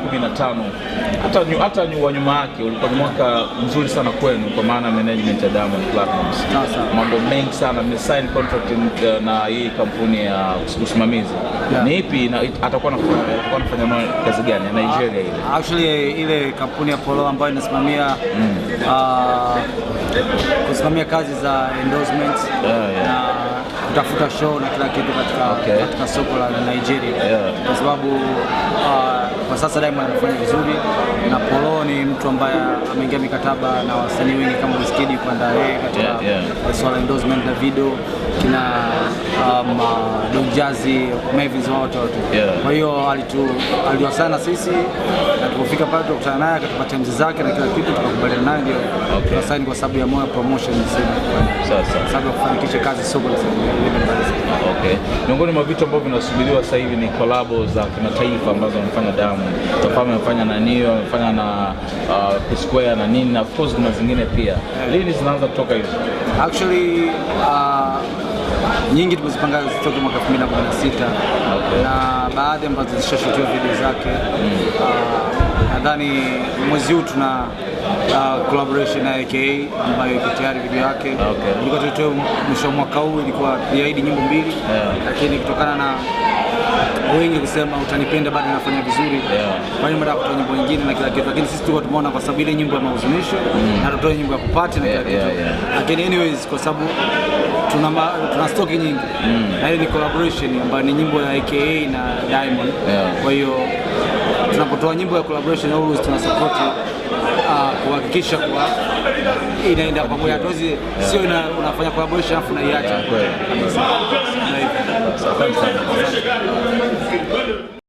15 hata hata wa nyuma yake ulikuwa mwaka mzuri sana kwenu, kwa maana management ya Diamond Platnumz, mambo mengi sana mmesign contract uh, na hii kampuni ya usimamizi yeah. Ni ipi atakuwa anafanya kazi gani ya Nigeria ile? Actually ile kampuni ya Polo ambayo inasimamia mm. uh, kusimamia kazi za endorsement yeah, yeah. na kutafuta show na kila kitu katika, okay. katika soko la Nigeria yeah. kwa sababu uh, kwa sasa Diamond anafanya vizuri, na Polo ni mtu ambaye ameingia mikataba na wasanii wengi kama Wizkid kwa yeye katika yeah, yeah. swala endorsement na video kina um, uh, Don Jazzy Mavis wote wote yeah. Kwa hiyo alitu aliwasana sisi na tulipofika pale tukutana naye akatupa terms zake na kila kitu tukakubaliana naye ndio okay. Tukasaini kwa sababu ya Moyo Promotion sasa, sababu ya kufanikisha kazi soko la Okay. Miongoni mwa vitu ambavyo vinasubiriwa sasa hivi ni kolabo za kimataifa ambazo anafanya Diamond Tafam amefanya na Nio, amefanya na uh, Square na nini na of course kuna zingine pia. Lini zinaanza kutoka hizo? Actually uh, nyingi tumezipanga zitoke mwaka 2016 okay. na baadhi ambazo zishashutiwa video zake mm. Uh, nadhani mwezi huu tuna Uh, collaboration na AKA ambayo iko tayari video yake okay. Ilikuwa tutoe mwisho wa mwaka huu, ilikuwa iahidi nyimbo mbili yeah. Lakini kutokana na wengi kusema utanipenda bado nafanya vizuri, kwa hiyo mara kutoa nyimbo nyingine na kila kitu, lakini sisi tulikuwa tumeona kwa sababu ile nyimbo ya mahuzunisho mm. na tutoe nyimbo ya kupati na kila kitu, lakini anyways, kwa sababu tuna tuna stoki nyingi mm. na ile ni collaboration ambayo ni nyimbo ya AKA na Diamond, kwa hiyo tunapotoa nyimbo ya collaboration always tuna support uh, kuhakikisha kuwa inaenda pamoja, hatuwezi sio unafanya collaboration afu unaiacha.